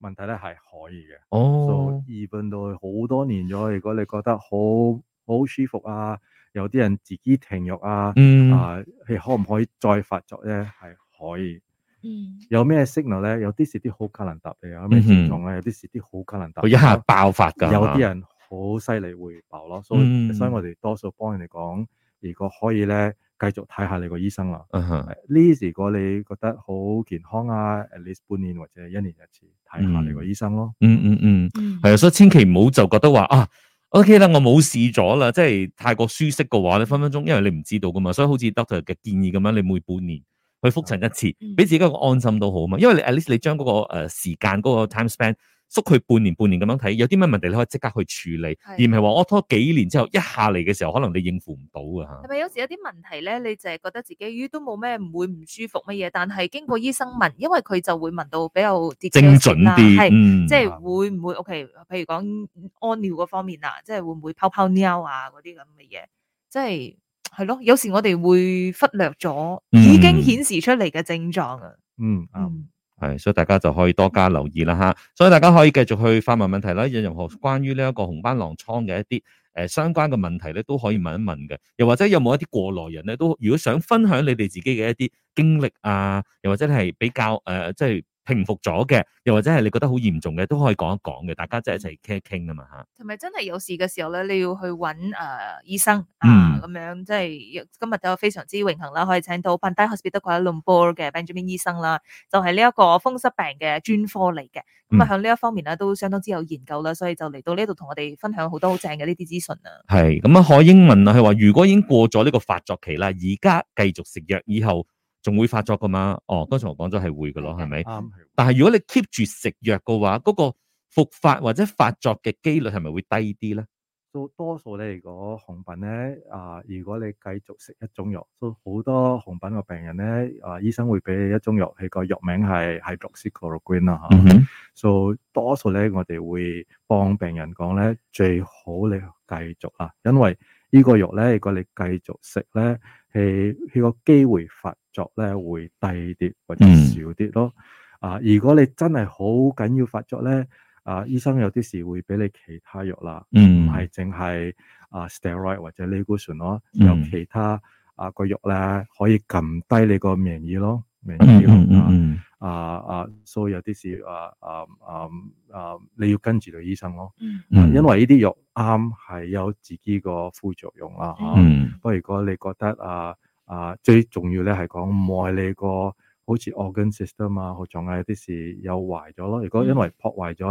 [SPEAKER 3] 問題咧係可以嘅，所以二半到好多年咗。如果你覺得好好舒服啊，有啲人自己停藥啊，mm. 啊，係可唔可以再發作咧？係可以。嗯、mm.，有咩 signal 咧？有啲事啲好可能特嘅，mm hmm. 有咩症狀咧？有啲事啲好可能特佢一下爆發㗎。有啲人好犀利會爆咯，所、so, 以、mm. 所以我哋多數幫人哋講，如果可以咧，繼續睇下你個醫生啦，呢、uh huh. 時如果你覺得好健康啊，at least 半年或者一年一次睇下你個醫生咯。嗯嗯
[SPEAKER 1] 嗯，係啊，所以千祈唔好就覺得話啊，OK 啦，我冇事咗啦，即係太過舒適嘅話咧，你分分鐘因為你唔知道噶嘛，所以好似 doctor 嘅建議咁樣，你每半年去復診一次，俾、uh huh. 自己一個安心都好啊嘛，因為你、uh huh. at least 你將嗰個誒時間嗰、嗰個 time span。那個時間那個時間捉佢半年半年咁樣睇，有啲咩問題你可以即刻去處理，的而唔係話屙拖幾年之後一下嚟嘅時候，可能你應付唔到啊。吓。
[SPEAKER 2] 係咪有時有啲問題咧，你就係覺得自己咦都冇咩唔會唔舒服乜嘢，但係經過醫生問，因為佢就會問到比較精、啊、準啲，係是、嗯、即係會唔會？O、okay, K，譬如講屙尿嗰方面啊，即係會唔會泡泡尿啊嗰啲咁嘅嘢？即係係咯，有時我哋會忽略咗已經顯示出嚟嘅症狀啊。嗯。嗯
[SPEAKER 1] 係，所以大家就可以多加留意啦吓，所以大家可以繼續去發問問題啦，有任何關於呢一個紅斑狼瘡嘅一啲誒、呃、相關嘅問題咧，都可以問一問嘅，又或者有冇一啲過來人咧，都如果想分享你哋自己嘅一啲經歷啊，又或者係比較誒，即、呃、係。就是平復咗嘅，又或者係你覺得好嚴重嘅，都可以講一講嘅。大家即係一齊傾一傾啊嘛吓。
[SPEAKER 2] 係咪、嗯、真係有事嘅時候咧，你要去揾誒、呃、醫生啊？咁樣即係今日就非常之榮幸啦，可以請到 Pantai Hospital 嘅 Kuala Lumpur 嘅 Benjamin 醫生啦，就係呢一個風濕病嘅專科嚟嘅。咁、嗯、啊，向呢、嗯、一方面咧都相當之有研究啦，所以就嚟到呢度同我哋分享好多好正嘅呢啲資訊、嗯嗯、啊。
[SPEAKER 1] 係咁啊，海英問啊，佢話如果已經過咗呢個發作期啦，而家繼續食藥以後。以後仲會發作噶嘛？哦，剛才我講咗係會噶咯，係咪 Okay,？啱係。但係如果你 keep 住食藥嘅話，嗰，嗰個復發或者發作嘅幾率係咪會低啲咧？
[SPEAKER 3] 都多數咧，如果紅斑咧啊，如果你繼續食一種藥，都好多紅斑個病人咧啊，醫生會俾你一種藥，佢個藥名係係 Hydroxychloroquine 吓、啊。嗯、mm hmm. so, 多數咧，我哋會幫病人講咧，最好你繼續啊，因為個藥呢個藥咧，如果你繼續食咧。係佢個機會發作咧會低啲或者少啲咯。啊、呃、如果你真係好緊要發作咧，啊、呃、醫生有啲時會俾你其他藥啦，唔係淨、嗯、係啊、呃、steroid 或者類固醇咯，嗯、有其他啊、呃、個藥咧可以撳低你個免疫咯。嗯，嗯，嗯，嗯啊啊，所以有啲事啊啊啊啊，你要跟住啲醫生咯，嗯啊、因為呢啲藥啱係有自己個副作用啦，吓、嗯，不、嗯、過如果你覺得啊啊，最重要咧係講唔愛你個好似 organ system 啊，好重要，有啲事又壞咗咯，如果因為破壞咗，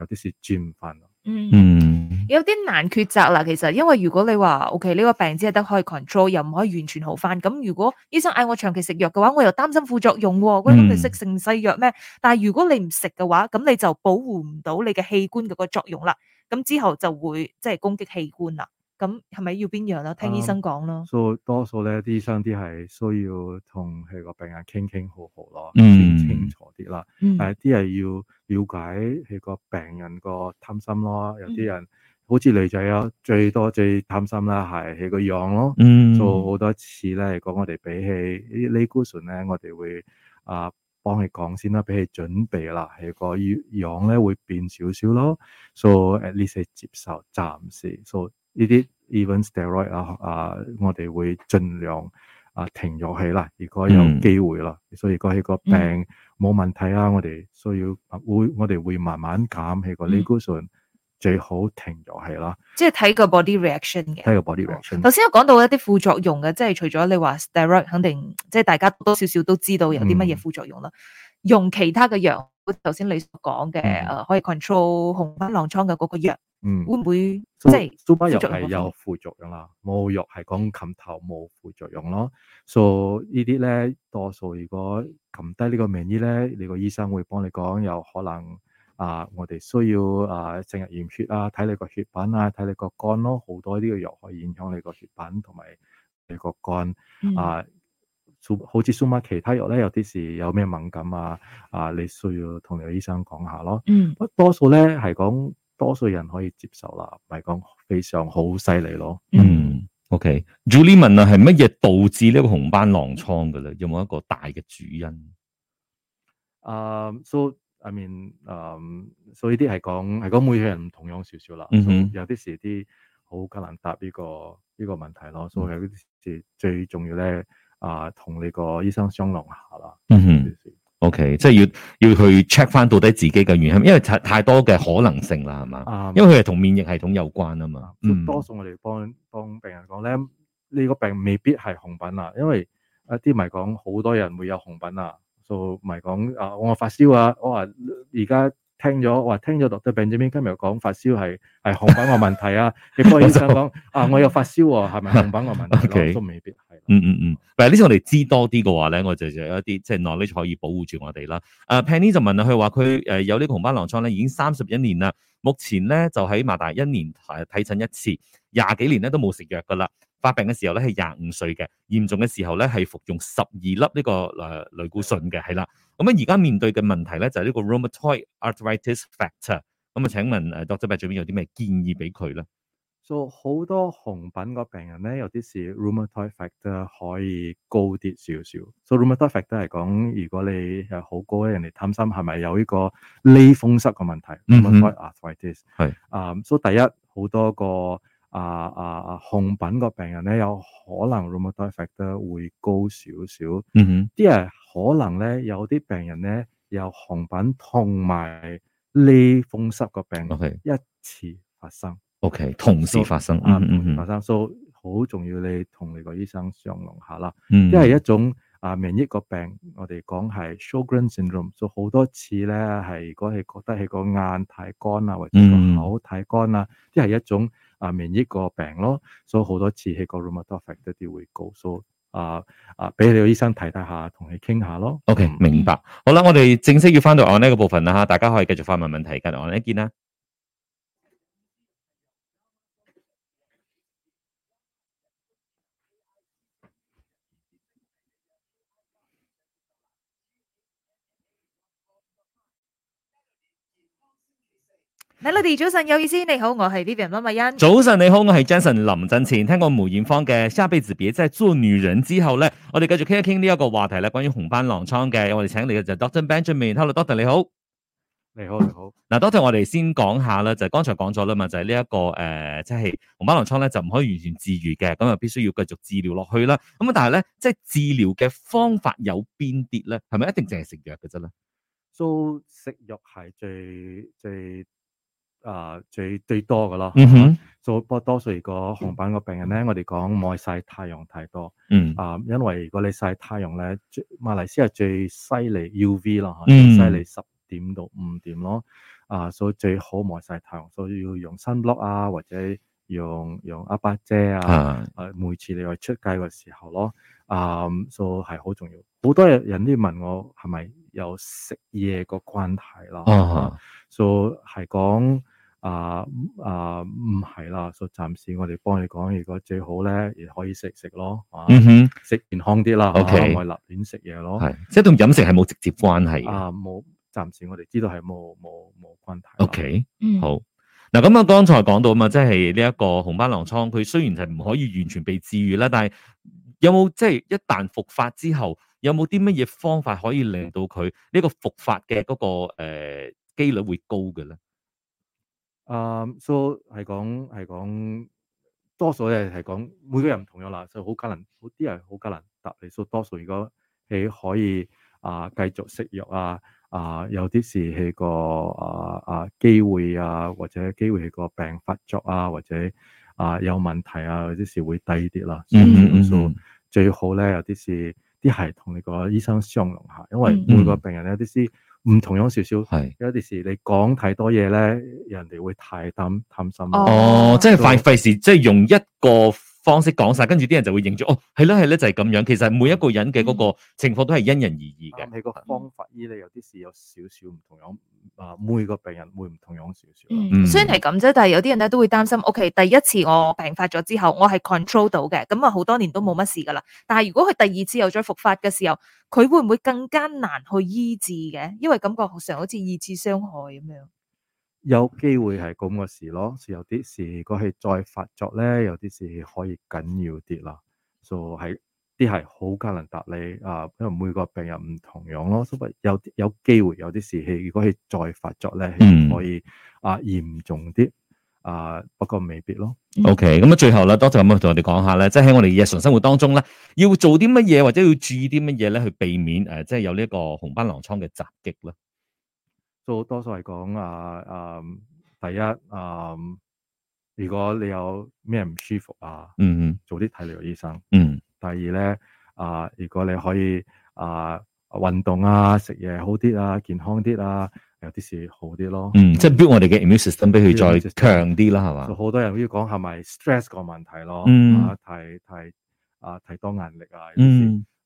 [SPEAKER 3] 有啲事轉唔翻咯，嗯。
[SPEAKER 2] 有啲難抉擇啦，其實，因為如果你話 O K 呢個病只係得可以 control，又唔可以完全好翻。咁、嗯、如果醫生嗌我長期食藥嘅話，我又擔心副作用、啊。嗰啲咁嘅適應西藥咩？但係如果你唔食嘅話，咁你就保護唔到你嘅器官嘅個作用啦。咁之後就會即係、就是、攻擊器官啦。咁係咪要邊樣咧、啊？聽醫生講咯。
[SPEAKER 3] 所以、嗯嗯嗯、多數咧，啲醫生啲係需要同佢個病人傾傾好好咯，先、嗯嗯、清楚啲啦。誒，啲係要了解佢個病人個貪心咯，有啲人、嗯。嗯好似女仔有、啊、最多最貪心啦，係個樣咯。嗯、mm，做、hmm. 好、so，多次咧，講我哋俾佢啲 leukocin 咧，我哋會啊幫佢講先啦，俾佢準備啦。係個樣咧會變少少咯。So at least 接受暫時。So 呢啲 even steroid 啊啊，我哋會盡量啊停咗氣啦。如果有機會啦，所以、mm hmm. so, 如果嗰個病冇問題啦、啊，我哋需要、啊、我哋會我哋會慢慢減起個 leukocin。Mm hmm.
[SPEAKER 2] 最好停咗係啦，即係睇個 body reaction 嘅。
[SPEAKER 3] 睇個 body reaction。
[SPEAKER 2] 頭先我講到一啲副作用嘅，即係除咗你話 steroid，肯定即係大家多少少都知道有啲乜嘢副作用啦。嗯、用其他嘅藥，頭先你講嘅誒，嗯、可以 control 紅斑狼瘡嘅嗰個藥，嗯，會唔會即係是？蘇巴藥係有副作用啦，
[SPEAKER 3] 冇藥係講冚頭冇副作用咯。所、so, 以呢啲咧，多數如果冚低呢個名醫咧，你個醫生會幫你講，有可能。啊！我哋需要啊，成日驗血啊，睇你個血品啊，睇你個肝咯，好多呢個藥可以影響你個血品同埋你個肝、嗯、啊。好，好似送翻其他藥咧，有啲時有咩敏感啊？啊，你需要同你個醫生講下咯。嗯，多數咧係講多數人可以接受啦，唔係講非常好犀利咯。嗯，OK，Julian
[SPEAKER 1] 啊，係乜嘢導致呢個紅斑狼瘡嘅咧？有冇一個大嘅主因？
[SPEAKER 3] 啊、嗯，所以。I mean，誒，所以啲係講係講每個人唔同樣少少啦。嗯哼，有啲時啲好難答呢個呢個問題咯。所以呢啲事最重要咧，啊，同你個醫生商量下啦。嗯哼
[SPEAKER 1] ，OK 即係要要去 check 翻到底自己嘅原因，因
[SPEAKER 3] 為太多嘅可能性啦，係嘛？啊，um, 因為佢係
[SPEAKER 1] 同免疫系統有關啊嘛。So,
[SPEAKER 3] mm hmm. 多數我哋幫幫病人講咧，呢、這個病未必係紅疹啊，因為一啲咪講好多人會有紅疹啊。就唔係講啊，我發燒啊，我話而家聽咗，我話聽咗 doctor Penny 今日講發燒係係紅斑個問題啊。你忽然之間講啊，我有發燒喎、啊，係咪紅斑個問題、啊？都未必
[SPEAKER 1] 係。嗯嗯嗯，但係呢啲我哋知多啲嘅話咧，我就有一啲即係 knowledge 可以保護住我哋啦。啊、uh,，Penny 就問啊佢話佢誒有呢個紅斑狼瘡咧，已經三十一年啦。目前咧就喺馬大一年係睇診一次，廿幾年咧都冇食藥噶啦。發病嘅時候咧係廿五歲嘅，嚴重嘅時候咧係服用十二粒呢個誒、這個呃、類固醇嘅係啦。咁啊而家面對嘅問題咧就係、是、呢個 rheumatoid arthritis factor。咁啊，請問誒 doctor 伯最邊有啲咩建議俾佢咧？
[SPEAKER 3] 所好、so, 多紅斑個病人咧，有啲事 rheumatoid factor 可以高啲少少。所、so, 以 rheumatoid factor 嚟講，如果你誒好高咧，人哋擔心係咪有呢個類風濕嘅問題？rheumatoid arthritis 係啊，所以第一好多個。啊啊啊！紅斑個病人咧有可能 rheumatoid factor 咧會高少少。嗯哼、mm，啲、hmm. 人可能咧有啲病人咧有紅斑同埋呢風濕個病人一次發生。O、okay.
[SPEAKER 1] K，、okay. 同時發生,你你生、mm hmm.
[SPEAKER 3] 啊，發生所以好重要，你同你個醫生商量下啦。嗯，即係一種啊免疫個病，我哋講係 Sjogren syndrome。所以好多次咧，係如果係覺得係個眼太乾啊，或者個口太乾啊，即係、mm hmm. 一種。.下面呢個病咯，所以好多次喺 r 支氣管擴張病一啲會高，所以啊啊，俾、啊、你個醫生睇睇下，同你傾下咯。OK，明白。
[SPEAKER 1] 好啦，我哋正式要翻到案呢個部分啦嚇，大家可以繼續發問問題，跟住案哋一見啦。
[SPEAKER 2] Hello，lady，早晨有意思，你好，我係 Vivian 林美欣。
[SPEAKER 1] 早晨你好，我係 Jensen 林振前。聽過梅艷芳嘅下輩子別再做女人之後咧，我哋繼續傾一傾呢一個話題咧，關於紅斑狼瘡嘅。我哋請 Hello, 你嘅就係 Doctor Benjamin，Hello，Doctor 你好，
[SPEAKER 3] 你好你好。
[SPEAKER 1] 嗱、啊、，Doctor 我哋先講下啦，就係、剛才講咗啦嘛，就係呢一個誒，即、呃、係、就係、紅斑狼瘡咧就唔可以完全治愈嘅，咁啊必須要繼續治療落去啦。咁啊但係咧即係治療嘅方法有邊啲咧？係咪一定淨係食
[SPEAKER 3] 藥嘅啫咧？都食藥係最最。最最 Mm hmm. 啊，最最多噶咯，做不過多數果紅斑個病人咧，我哋講冇曬太陽太多，mm. 啊，因為如果你曬太陽咧，最馬來斯亞最犀利 U V 咯，啊 mm. 最犀利十點到五點咯，啊，所以最好冇曬太陽，所以要用 s u 啊，或者用用阿伯姐啊，mm. 啊，每次你外出街嘅時候咯，啊，所以係好重要。好多嘢人啲問我係咪有食嘢個關係咯，啊，就係講。啊啊唔係啦，所以暫時我哋幫你講，如果最好咧，亦可以食食咯，嗯哼，啊，食健康啲啦 Okay，啊，我哋立亂食嘢咯，係即係同飲食係冇直接關係嘅，啊冇，暫時我哋知道係冇冇冇關係。Okay，好，
[SPEAKER 1] 嗱咁啊，剛才講到啊嘛，即係呢一個紅斑狼瘡，佢雖然係唔可以完全被治愈啦，但係有冇即係一旦復發之後，有冇啲乜嘢方法可以令到佢呢個復發嘅嗰個誒機率會高嘅咧？
[SPEAKER 3] 啊，所以係講，係講多數咧，係講每個人唔同樣啦，以好可能好啲人好可能特別所多數，如果你可以啊繼續食藥啊，啊有啲事係個啊啊機會啊，或者機會係個病發作啊，或者啊有問題啊有啲事會低啲啦，所以咁數最好咧有啲事啲係同你個醫生商量下，因為每個病人咧有啲唔同樣少少，是有啲時你講太多嘢咧，人哋會太擔心。哦，即係
[SPEAKER 1] 費事，即係用一個，方式講晒，跟住啲人就會認咗。哦，係啦係啦，就係、是、咁樣。其實每一個人嘅嗰個情況都係因人而
[SPEAKER 3] 異嘅。你個、嗯、方法醫咧有啲事有少少唔同樣，啊每個病人會唔同樣少少。嗯，
[SPEAKER 2] 雖然係咁啫，但係有啲人咧都會擔心。OK，第一次我病發咗之後，我係 control 到嘅，咁啊好多年都冇乜事噶啦。但係如果佢第二次又再復發嘅時候，佢會唔會更加難去醫治嘅？因為感覺上好似二次傷害咁樣。
[SPEAKER 3] 有機會係咁個事咯，有啲事如果係再發作咧，有啲事可以緊要啲啦，就係啲係好艱難答你啊、呃，因為每個病人唔同樣咯，所以有有機會有啲事氣，如果係再發作咧，可以啊、呃、嚴重啲啊、呃，不過未必咯。
[SPEAKER 1] OK，咁啊，最後啦，多謝咁啊，同我哋講下咧，即係喺我哋日常生活當中咧，要做啲乜嘢或者要注意啲乜嘢咧，去避免誒、呃，即係有呢一個紅斑狼瘡嘅襲擊咧。
[SPEAKER 3] 都多，多數係講啊啊，第一啊、呃，如果你有咩唔舒服啊，嗯嗯哼，早啲睇你個醫生，嗯。第二咧啊、呃，如果你可以啊、呃、運動啊，食嘢好啲啊，健康啲啊，有啲事好啲咯嗯嗯。嗯，即係 build 我哋嘅 immune system 俾佢再強啲啦，係嘛。好多人要講係咪 stress 個問題咯，嗯，太太啊太多壓力啊，嗯。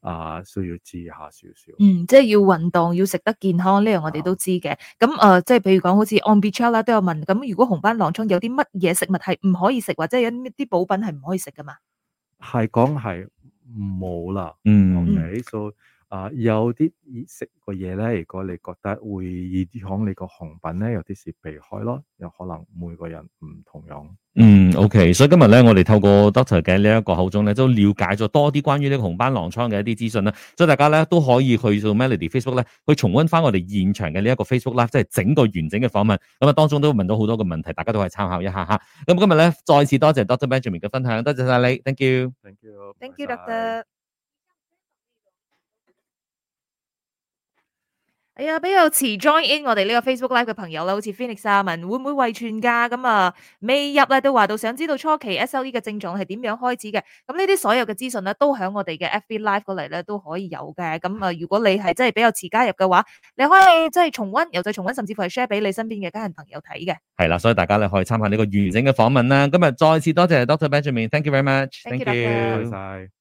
[SPEAKER 3] 啊，需要知下少少。嗯，
[SPEAKER 2] 即係要運動，要食得健康呢樣我哋都知嘅。咁誒、啊呃，即係譬如講，好似 On Beach Chair 啦，都有問。咁如果紅斑狼瘡有啲乜嘢食物係唔可以食，或者有啲補品係唔可以食噶嘛？
[SPEAKER 3] 係講係冇啦，嗯，所以 okay？嗯。So, 啊、呃，有啲熱食嘅嘢咧，如果你覺得會影響你個紅品咧，有啲是避開咯，有可能每個人唔同樣。
[SPEAKER 2] 嗯
[SPEAKER 1] ，OK，所以今日咧，我哋透過 Doctor 嘅呢一個口中咧，都了解咗多啲關於呢個紅斑狼瘡嘅一啲資訊啦。所以大家咧都可以去到 Melody Facebook 咧，去重温翻我哋現場嘅呢一個 Facebook 啦，即係整個完整嘅訪問。咁啊，當中都問到好多個問題，大家都可以參考一下嚇。咁今日咧，再次多謝 Doctor Benjamin 嘅分享，多謝晒你，Thank you，Thank
[SPEAKER 2] you，Thank you，Doctor。係啊、哎，比較遲 join in 我哋呢個 Facebook Live 嘅朋友啦，好似 Phoenix 阿、啊、文，會唔會遺傳㗎咁啊？未入咧都話到，想知道初期 SLE 嘅症狀係點樣開始嘅？咁呢啲所有嘅資訊咧，都喺我哋嘅 FB Live 過嚟咧都可以有嘅。咁啊，如果你係真係比較遲加入嘅話，你可以即係重温，又再重温，甚至乎係 share 俾你身邊嘅家人朋友睇嘅。
[SPEAKER 1] 係啦，所以大家咧可以參考呢個完整嘅訪問啦。今日再次多謝 Doctor Benjamin，thank you very much，thank you，